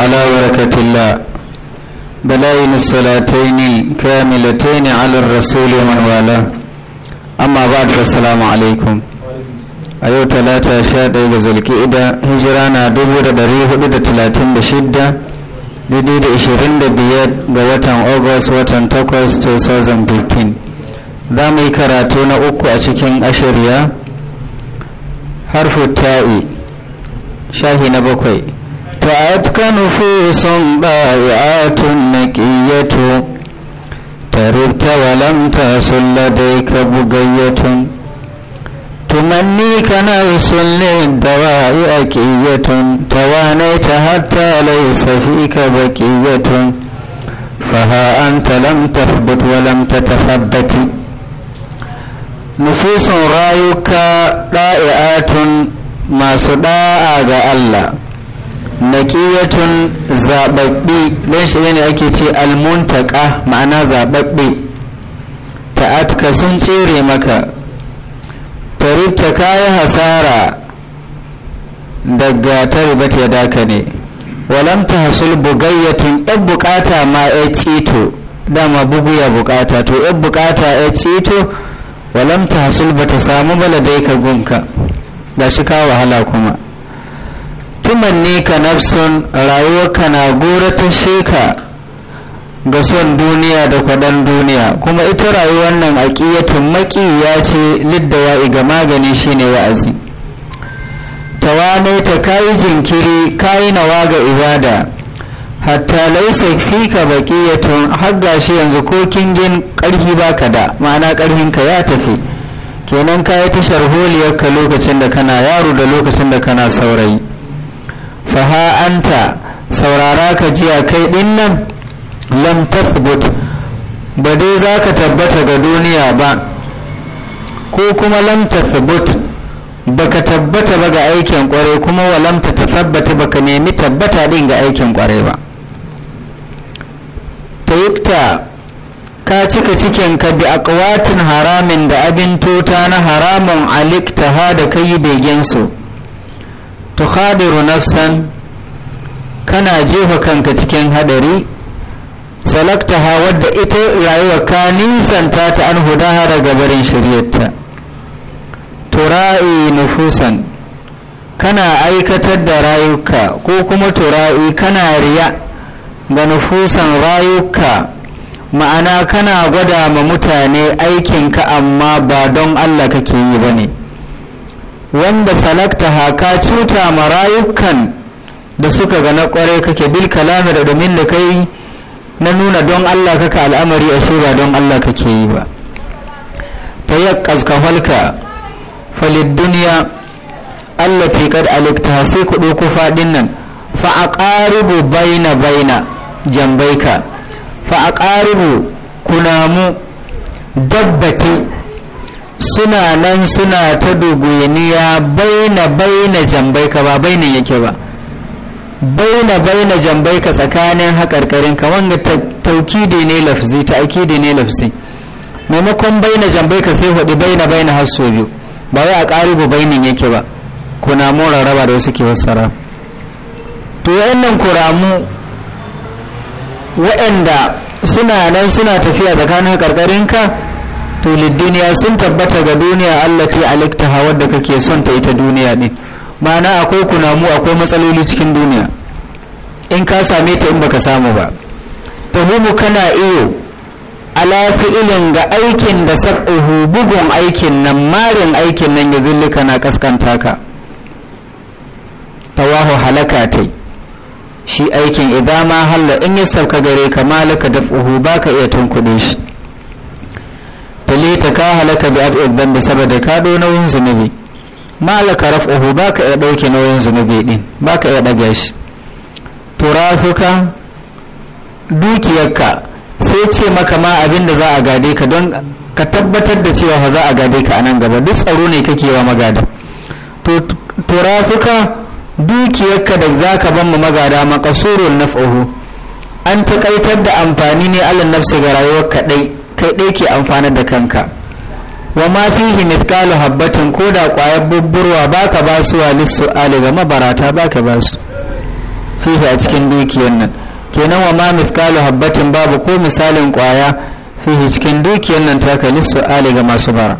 على بركة الله بلاين الصلاتين كاملتين على الرسول ومن والاه أما بعد فالسلام عليكم a yau talata sha ɗaya ga zulki'ida hijira na dubu da ɗari hudu da talatin da shidda daidai da ishirin da biyar ga watan august watan takwas 2015 za mu yi karatu na uku a cikin ashirya harfu ta'i shahi na bakwai تأتك نفوس ضائعات نكية تربت ولم تصل لديك بقية تمنيك نفس للدواء أكية توانيت حتى ليس فيك بكية فها أنت لم تثبت ولم تتثبت نفوس رأيك ضائعات ما صداء الله nakiyatun zababbi don shi ne ake ce almuntaka ma'ana zababbe ta'at sun tsere maka taribta kayi hasara daga taribat ya daka ne walamta hasul bugayyatun yan bukata ma ya cito dama bugu ya bukata to yan bukata ya cito walamta hasul ba ta samu baladai ka gunka ga shi kawo wahala kuma ka nafsun rayuwarka na gora ta sheka ga son duniya da kwadon duniya kuma ita rayuwar nan aƙiyatun maƙiya ce liddawa ga magani shine wa'azi ta tawane ta kayi jinkiri kayi nawa ga ibada hatta laisa fika tun har shi yanzu ko kingin ƙarfi baka da ma'ana ƙarfinka ya tafi kenan ka yi ta sharholiyarka lokacin da kana yaro da lokacin da kana saurayi faha anta saurara ka jiya kai din nan lam tathbut ba dai za ka tabbata ga duniya ba ko kuma lam tathbut ba ka tabbata ba ga aikin kwarai kuma wa lam ta tabbata ba ka nemi tabbata din ga aikin kwarai ba ta ka cika cikin ka bi akwatin haramin da abin tuta na haramun aliktaha da kai begensu tukhadiru nafsan kana jefa kanka cikin hadari salaktaha wadda ita rayuwa ka nisanta ta an hudaha daga barin shiryata. tura'i nufusan kana aikatar da rayuka ko kuma tura'i kana riya ga nufusan rayuka ma'ana kana gwada ma mutane aikinka amma ba don allah kake yi ba ne wanda salaktaha ka cuta ma rayukan da suka ga na kwarai kake bil kalami da domin da kai na nuna don Allah kaka al'amari a don Allah kake yi ba fa yaqqaz ka falka falid dunya allati qad alikta sai ku ɗauko faɗin nan fa a aqaribu baina baina jambaika fa a aqaribu kunamu dabbati suna nan suna ta ya baina baina jambaika ba bainan yake ba baina baina jambai ka tsakanin haƙarƙarin ka wanga taukidi ne lafzi ta'kidi ne lafzi maimakon baina jambai ka sai hudu baina baina har so biyu ba wai a ƙaribu bainin yake ba kunamun rarraba da wasu ke wassara to wayannan kuramu waɗanda suna nan suna tafiya tsakanin haƙarƙarin ka to liddiniya sun tabbata ga duniya allah ta alikta wadda kake son ta ita duniya din ma'ana akwai kunamu akwai matsaloli cikin duniya in ka same ta in baka samu ba tuhumu kana iyo ala fi'ilin ga aikin da sab'uhu bugun aikin nan marin aikin nan ya zulli kana kaskanta ka tawahu halaka ta shi aikin idan ma halla in ya sauka gare ka malaka fuhu baka iya tunkuɗe shi ta ka halaka bi ab'id da saboda ka do nauyin zunubi malaka raf'uhu baka iya dauke nauyin zunubi din baka iya daga shi turasuka dukiyarka sai ce maka ma abin da za a gade ka don ka tabbatar da cewa fa za a gade ka a nan gaba duk tsaro ne kake wa magada to turasuka dukiyarka da za ka ban ma magada makasurun naf'uhu an taƙaitar da amfani ne allan nafsi ga rayuwar kaɗai kai ɗai ke amfanar da kanka wa ma fihi mithqalu habbatin ko da ƙwayar bubburwa baka basuwa lissu ali ga mabarata baka basu fihi a cikin dukiyar nan kenan wa ma mithqalu habbatin babu ko misalin kwaya fihi cikin dukiyar nan ta kai ali ga masu bara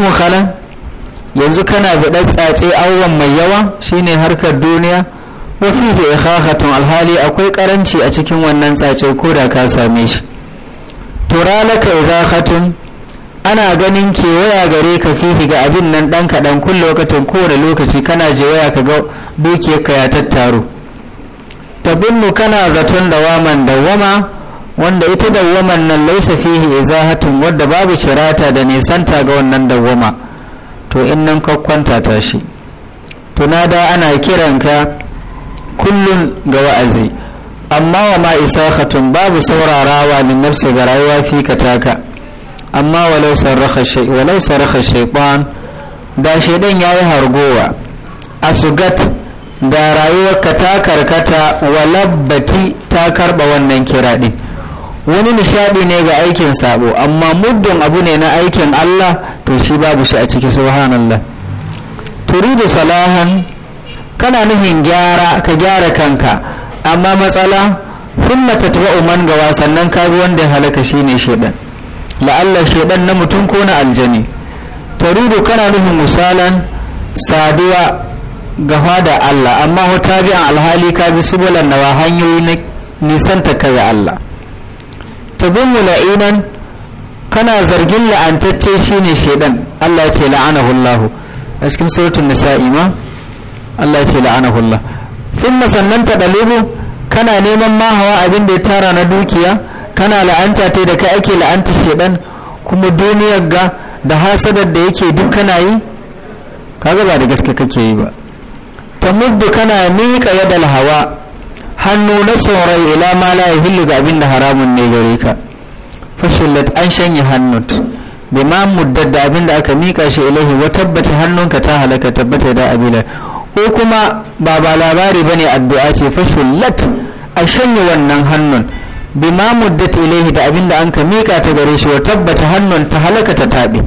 mu khalan yanzu kana biɗar tsatse awon mai yawa shine harkar duniya wa fihi ikhahatun alhali akwai karanci a cikin wannan tsace ko da ka same shi turalaka ikhahatun ana ganin kewaya gare ka fihi ga abin nan ɗan kaɗan kun lokacin kowane lokaci kana jewaya ka ga dukiyarka ya tattaro tabinnu kana zaton dawaman dawama wanda ita dawaman nan laisa fihi izahatun wadda babu shirata da nisanta ga wannan dawama to in nan kwakwanta ta shi tunada ana kiran ka kullum ga wa'azi amma wa ma isakhatun babu saurarawa min nafsi ga rayuwa fi ka taka amma walau sarraha shaiban da shaidan ya yi hargowa a sugat da rayuwarka ta karkata walabbati ta karba wannan kiraɗi wani nishadi ne ga aikin sabo amma muddin abu ne na aikin Allah to shi babu shi a ciki subhanallah turidu salahan kana nuhin gyara ka gyara kanka amma matsala thumma tatba'u man gawa sannan kabi wanda wanda halaka ne shaidan la'alla shaidan na mutum ko na aljani tarudu kana nufin misalan saduwa gaba da Allah amma wata biyan alhali ka bi subulan nawa hanyoyi na nisan ta kai Allah ta zummu la'inan kana zargin la'antacce ne shaidan Allah ce la'anahu Allah a cikin suratul nisa'i ma Allah ce la'anahu Allah thumma sannan ta dalubu kana neman mahawa abin da ya tara na dukiya kana la'anta ta da kai ake la'anta shedan kuma duniyar ga da hasadar da yake duk kana yi kaga ba da gaske kake yi ba ta muddu kana miƙa yadal hawa hannu na tsoron ila ma la yahillu ga abin da haramun ne gare ka fashilat an shanye bi ma muddar da abin da aka mika shi ilahi wa tabbata hannunka ta halaka tabbata da abin ko kuma ba ba labari bane addu'a ce fashilat a shanye wannan hannun bima muddat ilaihi da abinda an ka mika ta gare shi wa tabbata hannun ta halaka ta tabi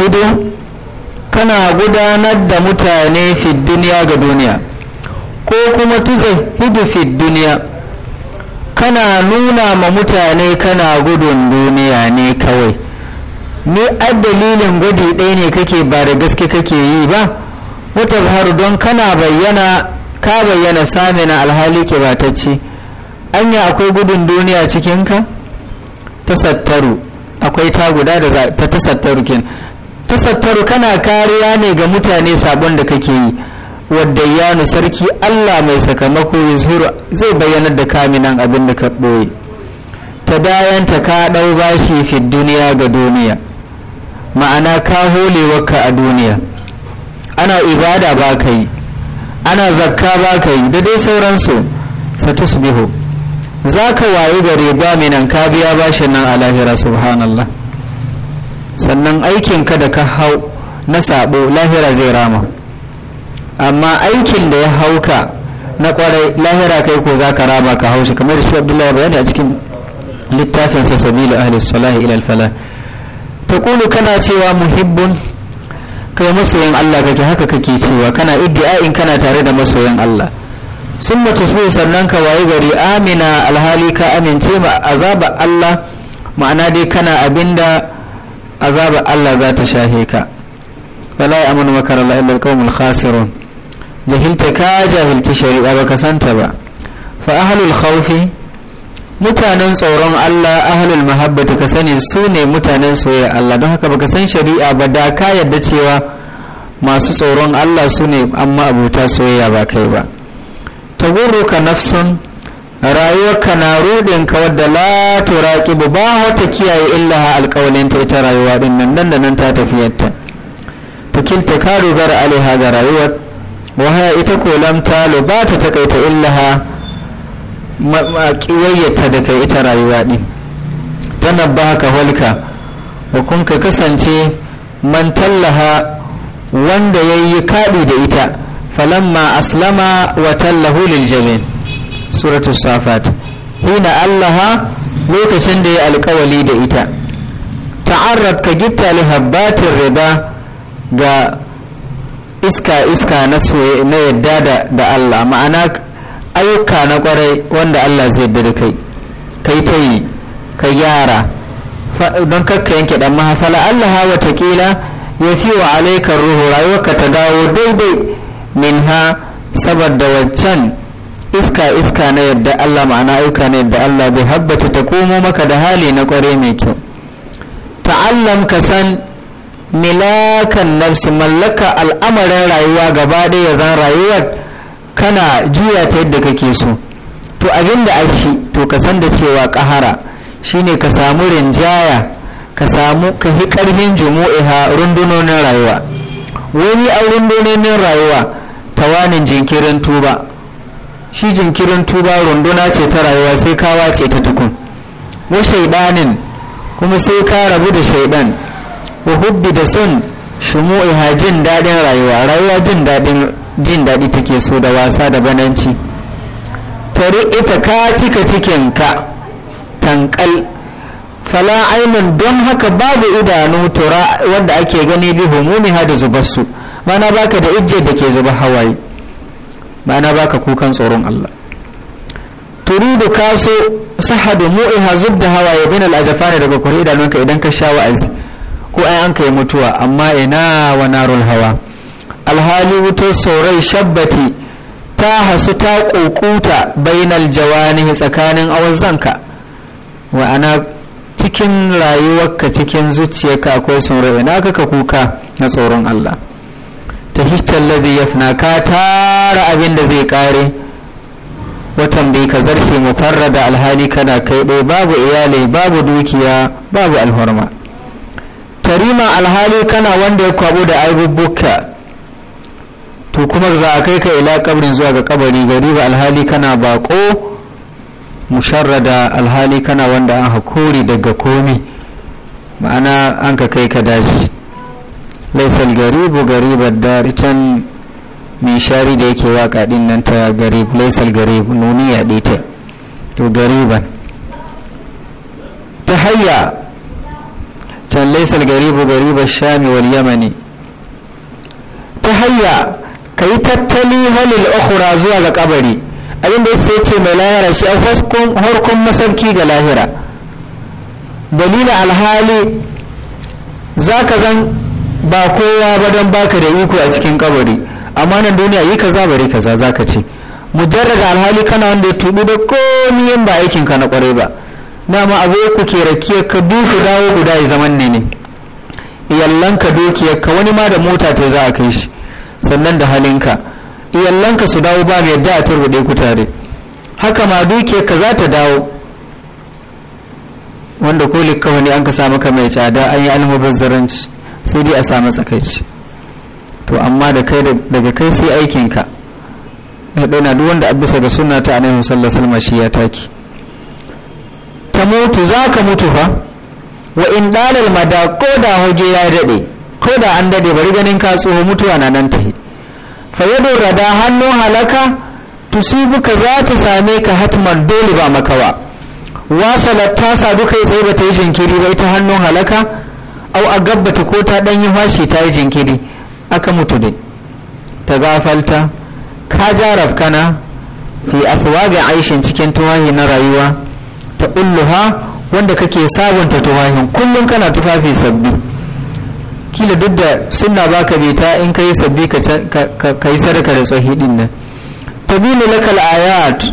hudu kana gudanar da mutane fi duniya ga duniya ko kuma tuzahidu fi duniya kana nuna ma mutane kana gudun duniya ne kawai ni a dalilin gudu ɗaya ne kake ba da gaske kake yi ba wata don kana bayyana ka bayyana samina alhali kibatacci anya akwai gudun duniya cikinka tasattaru akwai ta guda da ta tasattaru kin tasattaru kana kariya ne ga mutane sabon da kake yi wadda yanu sarki allah mai sakamako ya zai bayyanar da kaminan abin da ka ɓoye ta bayan ta ka ɗau bashi fi duniya ga duniya ma'ana ka holewarka a duniya ana ibada ba ka yi ana zakka ba ka yi da dai sauransu satusbihu za ka wayi gare ba nan ka biya bashin nan a lahira subhanallah sannan aikinka da ka hau na sabo lahira zai rama amma aikin da ya hauka na kwarai lahira kai ko za ka rama ka haushi kamar da shi abdullahi bayani a cikin littafinsa sabilu ahli salahi ila alfala kulu kana cewa muhibbun kai masoyan Allah kake haka kake cewa kana iddia'in kana tare da masoyan Allah sun su sannan ka waye gari amina alhali ka amince ma azaba Allah ma'ana dai kana abinda azaba Allah za ta shahe ka wala ya amanu makar Allah illa alqawmul khasirun jahilta ka jahilta shari'a baka santa ba fa ahlul khawf mutanen tsoron Allah ahlul mahabbati ka sani su ne mutanen soyayya Allah don haka baka san shari'a ba da ka yadda cewa masu tsoron Allah su ne amma abuta soyayya ba kai ba tagurruka nafsun rayuwarka na rudinka wadda la turaqibu ba wata kiyaye illaha alƙawalin ta ita rayuwa din nan nan da nan ta tafiyarta tukilta ka dogara alaiha ga rayuwar wahaya ita ko lamta talo ba ta takaita illaha kiwayyata da kai ita rayuwa din tana ba ka holka wa kun ka kasance man tallaha wanda ya yi kaɗi da ita ma aslama wa tallahu lil jabin suratul safat hina allaha lokacin da ya alkawali da ita ta'arrad ka gitta li habbatir riba ga iska iska na soye na yadda da da Allah ma'ana ayyuka na kwarai wanda Allah zai yadda da kai kai ta yi ka gyara don kakka yanke dan mahafala Allah wa ya fi wa alaikar ruhu rayuwarka ta dawo daidai min minha saboda waccan iska iska na yadda Allah ma'ana aika na yadda Allah bai habbata ta komo maka da hali na kware mai kyau ta'allam ka san milakan nafsi mallaka al'amarin rayuwa gaba ɗaya zan rayuwar kana juya ta yadda kake so to abin da ashi to ka san da cewa kahara shine ka samu rinjaya ka samu ka hi karfin jumu'iha rundunonin rayuwa wani a rundunonin rayuwa tawanin jinkirin tuba shi jinkirin tuba runduna ce ta rayuwa sai kawa ce ta tukun wa shaidanin kuma sai ka rabu da shaidan wa hubbi da shumu iha jin daɗin rayuwa rayuwa jin daɗin jin daɗi take so da wasa da bananci tare ita ka cika cikin ka tankal fala ainun don haka babu idanu tura wanda ake gani bi ha da zubarsu ma'ana baka da ijjiyar da ke zuba hawaye ma'ana baka kukan tsoron Allah turidu kaso sahadu mu'iha zubda hawaye bin al'ajafani daga kuri idanunka idan ka sha wa'azi ko ai an kai mutuwa amma ina wa narul hawa alhali wuto saurai shabbati ta hasu ta kokuta bainal jawani tsakanin awazanka wa ana cikin rayuwarka cikin zuciyarka akwai saurai ina ka kuka na tsoron Allah hishtar labi na ka tara abin da zai kare watan bai ka zarce da alhali kana kai ɗaya babu iyali babu dukiya babu alhorma tarima alhali kana wanda ya kwabo da aibubuka to kuma za a kai ka ila kabrin zuwa ga kabari ba alhali kana bako musharrada alhali kana wanda an hakuri daga komi ma'ana an ka kai ka daji laisal garibu garibar dari can mai shari da yake waka din nan ta garib laisal garib nuniya ɗita to gariban ta hayya can laisal garibu garibar shami wal yamani ta hayya ka yi tattali halil ukhra zuwa ga kabari abin da sai ce mai lahira shi a harkon masauki ga lahira dalila alhali za ka zan ba kowa ba don baka da iko a cikin kabari amma nan duniya yi kaza bari kaza zaka ce mujarrada alhali kana wanda ya tubu da komi ba aikin ka na kwarai ba dama abu ku ke rakiya ka dusu dawo guda ya zaman ne ne ka dukiyar ka wani ma da mota ta za a kai shi sannan da halin halinka ka su dawo ba mai yadda a turbuɗe ku tare haka ma dukiyar ka za ta dawo wanda ko likka wani an ka sa maka mai tsada an yi almubazzaranci sai dai a sa matsakaici to amma daga kai sai aikinka ya ɗana duk wanda abisa ga suna ta annabi sallallahu alaihi salma shi ya taki ta mutu za ka mutu fa wa in dalal mada ko da hoge ya daɗe ko da an daɗe bari ganin ka tsoho mutuwa na nan tahi fa da rada hannu halaka tusibuka za ta same ka hatman dole ba makawa wasalat ta sadu kai tsaye ba ta yi jinkiri ba ita hannun halaka au a gabbata ko ta ɗan yi fashi ta yi jinkiri aka mutu dai ta gafalta ka ja rafkana fi ga aishin cikin tuwahi na rayuwa ta ulluha wanda kake sabunta tuwahin kullum kana tufafi sabbi kila duk da suna baka bita in kai sabbi ka yi sadaka da tsohidin nan bini lakal ayat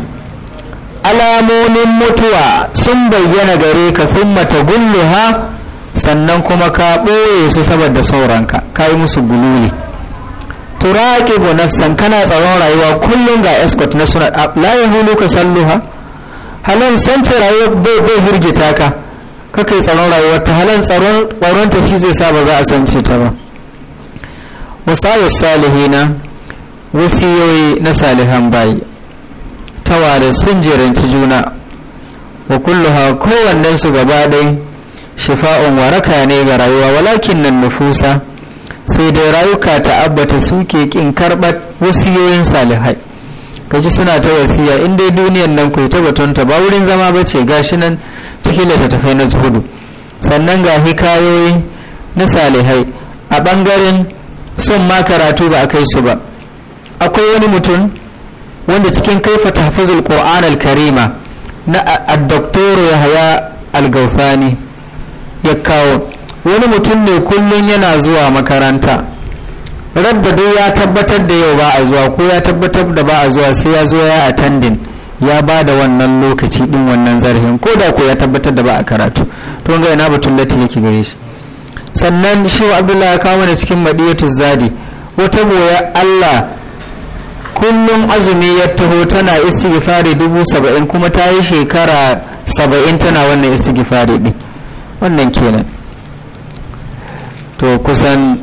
alamomin mutuwa sun bayyana gare ka sun mata gulluha sannan kuma ka ɓoye su saboda sauranka ka yi musu gululi turaqibu nafsan kana tsaron rayuwa kullum ga escort na suna layin hulu ka salluha halin san ce rayuwa bai bai hirgita ka kaka yi tsaron rayuwar ta halin tsaron ta shi zai sa ba za a san ce ta ba wasayus salihina wasiyoyi na salihan bayi tawarin sun jiranci juna wa kulluha kowannen su gaba ɗaya shifa'un waraka ne ga rayuwa walakin nan nufusa sai dai rayuka ta abbata suke kin karbat wasiyoyin salihai kaji suna ta wasiya in dai duniyan nan ku ta batunta ba wurin zama ba ce gashi nan cikin ta na zuhudu sannan ga hikayoyi na salihai a bangaren son ma karatu ba a kai su ba akwai wani mutum wanda cikin kaifa tahfizul qur'an al-karima na ad-doktor yahya al ya kawo wani mutum ne kullum yana zuwa makaranta rabda duk ya tabbatar da yau ba a zuwa ko ya tabbatar da ba a zuwa sai ya zo ya attendin ya ba da wannan lokaci din wannan zarhin ko da ko ya tabbatar da ba a karatu to ga ina batun lati yake gare shi sannan wa abdullahi ya kawo mana cikin madiyatu zadi wata goya allah kullum azumi ya taho tana istighfari dubu saba'in kuma ta yi shekara saba'in tana wannan istighfari din wannan kenan to kusan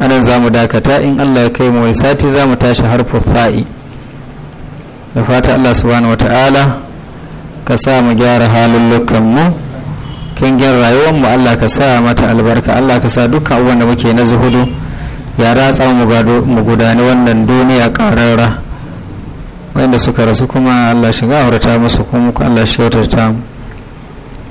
anan za mu dakata in allah ya kai mu sati za mu tashi har fa'i da fata allah subhanahu wa ta'ala ka sa mu gyara halullukanmu rayuwar mu allah ka sa mata albarka allah ka sa dukkan abubuwan da muke na zuhudu ya ratsa mu gudani wannan duniya ƙararra wanda suka rasu kuma allah shiga aurata musu kuma allah shi ta mu